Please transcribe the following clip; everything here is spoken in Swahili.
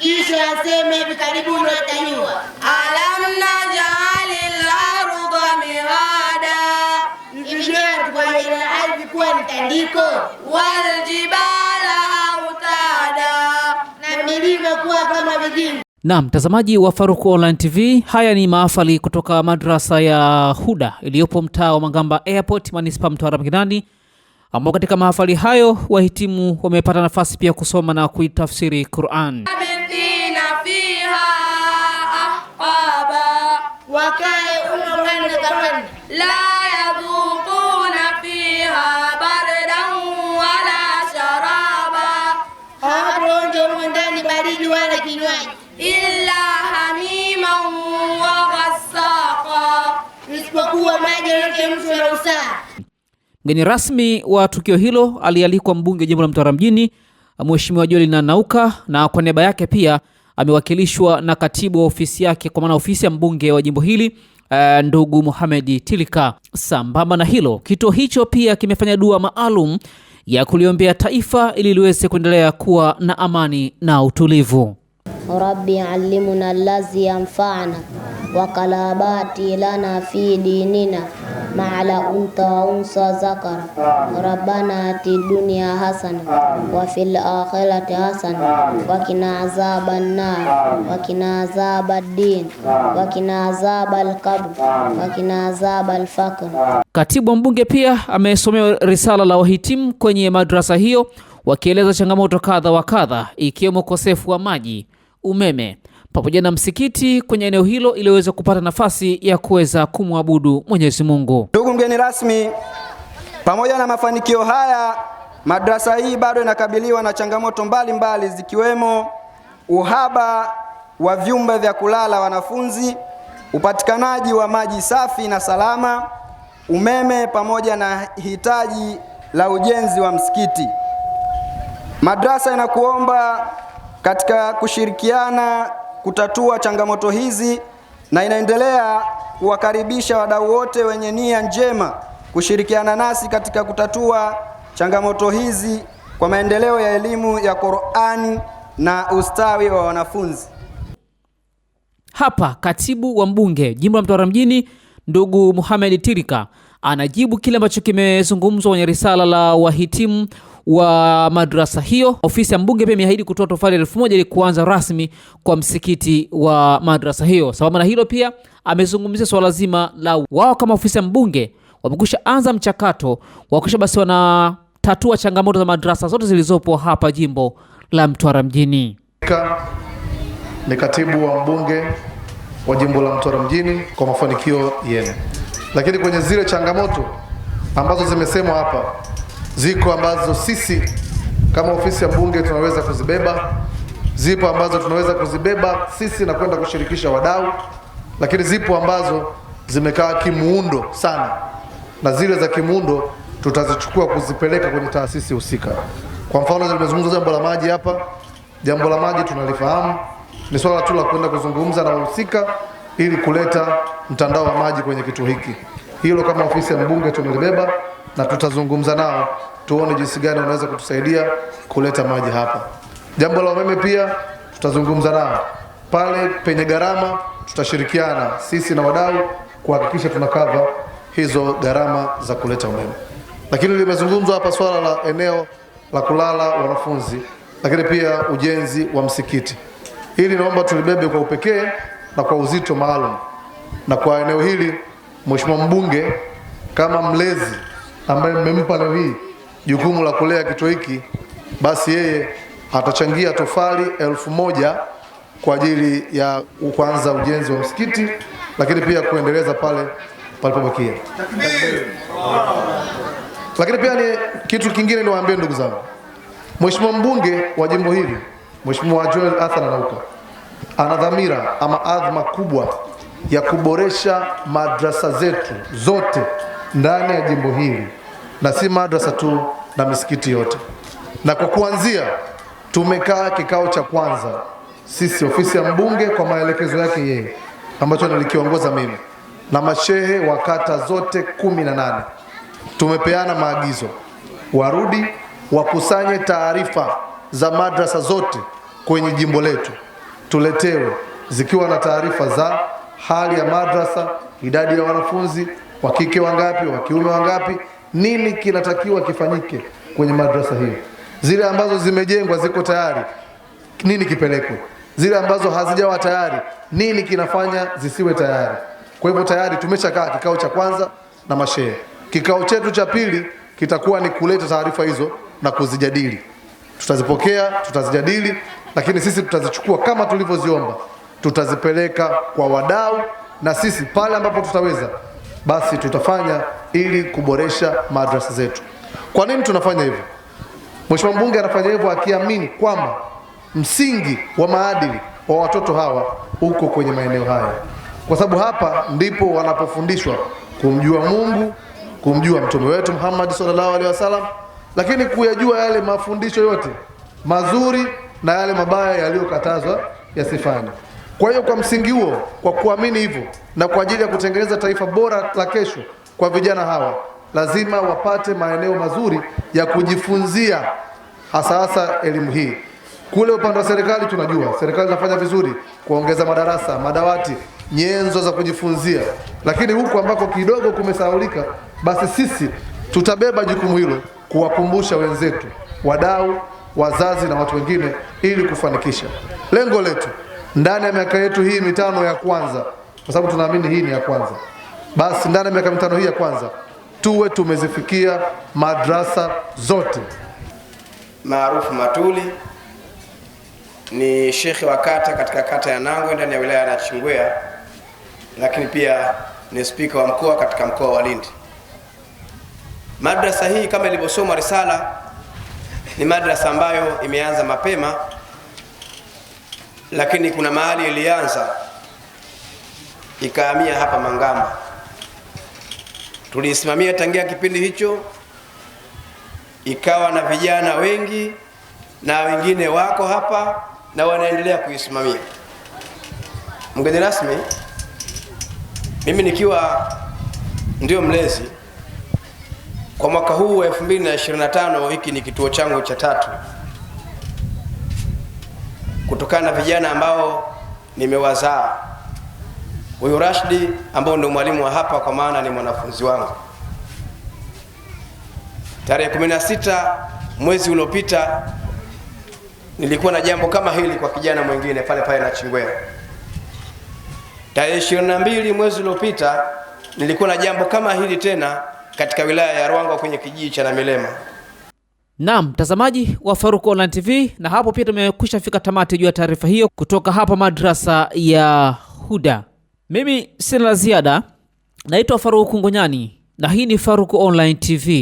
kisha aseme hivi karibuni Alam ardhi kuwa ni tandiko. autada, na milima kuwa kama vijingi. Na mtazamaji wa Faruku Online TV, haya ni maafali kutoka madrasa ya Huda iliyopo mtaa wa Mangamba Airport, manispaa Mtwara Mkinani ambao katika mahafali hayo wahitimu wamepata nafasi pia kusoma na kuitafsiri Qur'an. Isipokuwa maji yote mtu na usaha Mgeni rasmi wa tukio hilo alialikwa mbunge wa jimbo la Mtwara mjini Mheshimiwa Jolin Nauka, na kwa niaba yake pia amewakilishwa na katibu wa ofisi yake, kwa maana ofisi ya mbunge wa jimbo hili Uh, ndugu Mohamed Tilika. Sambamba na hilo, kituo hicho pia kimefanya dua maalum ya kuliombea taifa ili liweze kuendelea kuwa na amani na utulivu. Rabbi allimna allazi yanfa'ana wa kalabati lana fi dinina maala unta wa unsa zakara rabbana ati dunia hasana wa fil akhirati hasana wakina azaba nnar wakina azaba din wakina azaba alqabr wa azaba alfaqr. Katibu mbunge pia amesomewa risala la wahitimu kwenye madrasa hiyo wakieleza changamoto kadha wa kadha ikiwemo ukosefu wa maji umeme pamoja na msikiti kwenye eneo hilo iliweza kupata nafasi ya kuweza kumwabudu Mwenyezi Mungu. Ndugu mgeni rasmi, pamoja na mafanikio haya, madrasa hii bado inakabiliwa na changamoto mbalimbali mbali, zikiwemo uhaba wa vyumba vya kulala wanafunzi, upatikanaji wa maji safi na salama, umeme pamoja na hitaji la ujenzi wa msikiti. Madrasa inakuomba katika kushirikiana kutatua changamoto hizi na inaendelea kuwakaribisha wadau wote wenye nia njema kushirikiana nasi katika kutatua changamoto hizi kwa maendeleo ya elimu ya Qur'ani na ustawi wa wanafunzi. Hapa katibu wa mbunge jimbo la Mtwara mjini ndugu muhamedi Tirika anajibu kile ambacho kimezungumzwa kwenye risala la wahitimu wa madrasa hiyo. Ofisi ya mbunge pia imeahidi kutoa tofali elfu moja ili kuanza rasmi kwa msikiti wa madrasa hiyo. Sambamba na hilo, pia amezungumzia swala zima la wao kama ofisi ya mbunge wamekusha anza mchakato wa kisha basi wanatatua changamoto za madrasa zote zilizopo hapa jimbo la Mtwara mjini. Ni katibu wa mbunge wa jimbo la Mtwara mjini kwa mafanikio yenu, lakini kwenye zile changamoto ambazo zimesemwa hapa Ziko ambazo sisi kama ofisi ya mbunge tunaweza kuzibeba, zipo ambazo tunaweza kuzibeba sisi na kwenda kushirikisha wadau, lakini zipo ambazo zimekaa kimuundo sana, na zile za kimuundo tutazichukua kuzipeleka kwenye taasisi husika. Kwa mfano, nimezungumza jambo la maji hapa. Jambo la maji tunalifahamu, ni swala tu la kwenda kuzungumza na wahusika ili kuleta mtandao wa maji kwenye kituo hiki. Hilo kama ofisi ya mbunge tumelibeba na tutazungumza nao tuone jinsi gani wanaweza kutusaidia kuleta maji hapa. Jambo la umeme pia tutazungumza nao pale penye gharama, tutashirikiana sisi na wadau kuhakikisha tunakava hizo gharama za kuleta umeme. Lakini limezungumzwa hapa swala la eneo la kulala wanafunzi, lakini pia ujenzi wa msikiti. Hili naomba tulibebe kwa upekee na kwa uzito maalum, na kwa eneo hili Mheshimiwa mbunge kama mlezi ambaye mmempa leo hii jukumu la kulea kituo hiki, basi yeye atachangia tofali elfu moja kwa ajili ya kuanza ujenzi wa msikiti, lakini pia kuendeleza pale palipobakia. Lakini pia ni kitu kingine niwaambie ndugu zangu, Mheshimiwa mbunge wa jimbo hili Mheshimiwa Joel Athana Nauka ana dhamira ama adhma kubwa ya kuboresha madrasa zetu zote ndani ya jimbo hili, na si madrasa tu na misikiti yote. Na kwa kuanzia, tumekaa kikao cha kwanza sisi ofisi ya mbunge kwa maelekezo yake yeye, ambacho nilikiongoza mimi na mashehe wa kata zote kumi na nane. Tumepeana maagizo warudi wakusanye taarifa za madrasa zote kwenye jimbo letu, tuletewe zikiwa na taarifa za hali ya madrasa, idadi ya wanafunzi wa kike wangapi, wa kiume wangapi, nini kinatakiwa kifanyike kwenye madrasa hiyo. Zile ambazo zimejengwa ziko tayari, nini kipelekwe? Zile ambazo hazijawa tayari, nini kinafanya zisiwe tayari? Kwa hivyo tayari tumeshakaa kikao cha kwanza na mashehe. Kikao chetu cha pili kitakuwa ni kuleta taarifa hizo na kuzijadili. Tutazipokea, tutazijadili, lakini sisi tutazichukua kama tulivyoziomba, tutazipeleka kwa wadau, na sisi pale ambapo tutaweza basi tutafanya ili kuboresha madrasa zetu. Kwa nini tunafanya hivyo? Mheshimiwa mbunge anafanya hivyo akiamini kwamba msingi wa maadili wa watoto hawa uko kwenye maeneo haya, kwa sababu hapa ndipo wanapofundishwa kumjua Mungu, kumjua mtume wetu Muhammad sallallahu alaihi wasallam, lakini kuyajua yale mafundisho yote mazuri na yale mabaya yaliyokatazwa yasifanye. Kwa hiyo kwa msingi huo, kwa kuamini hivyo na kwa ajili ya kutengeneza taifa bora la kesho kwa vijana hawa, lazima wapate maeneo mazuri ya kujifunzia, hasa hasa elimu hii. Kule upande wa serikali tunajua serikali inafanya vizuri kuongeza madarasa, madawati, nyenzo za kujifunzia, lakini huku ambako kidogo kumesahaulika, basi sisi tutabeba jukumu hilo kuwakumbusha wenzetu, wadau, wazazi na watu wengine ili kufanikisha lengo letu ndani ya miaka yetu hii mitano ya kwanza, kwa sababu tunaamini hii ni ya kwanza, basi ndani ya miaka mitano hii ya kwanza tuwe tumezifikia madrasa zote. Maarufu Matuli ni shekhe wa kata katika kata ya Nangwe ndani ya wilaya ya Nachingwea, lakini pia ni spika wa mkoa katika mkoa wa Lindi. Madrasa hii kama ilivyosomwa risala, ni madrasa ambayo imeanza mapema lakini kuna mahali ilianza ikahamia hapa Mangamba. tulisimamia tangia kipindi hicho, ikawa na vijana wengi na wengine wako hapa na wanaendelea kuisimamia. Mgeni rasmi, mimi nikiwa ndio mlezi kwa mwaka huu wa 2025, hiki ni kituo changu cha tatu kutokana na vijana ambao nimewazaa. Huyu Rashidi ambao ndio mwalimu wa hapa, kwa maana ni mwanafunzi wangu. Tarehe 16 mwezi uliopita nilikuwa na jambo kama hili kwa kijana mwingine pale pale na Chingwea. Tarehe 22 mwezi uliopita nilikuwa na jambo kama hili tena katika wilaya ya Ruangwa kwenye kijiji cha namilema Naam, mtazamaji wa Faruku Online TV, na hapo pia tumekwisha fika tamati juu ya taarifa hiyo kutoka hapa madrasa ya Huda. Mimi sina la ziada, naitwa Faruku Ngonyani na hii ni Faruku Online TV.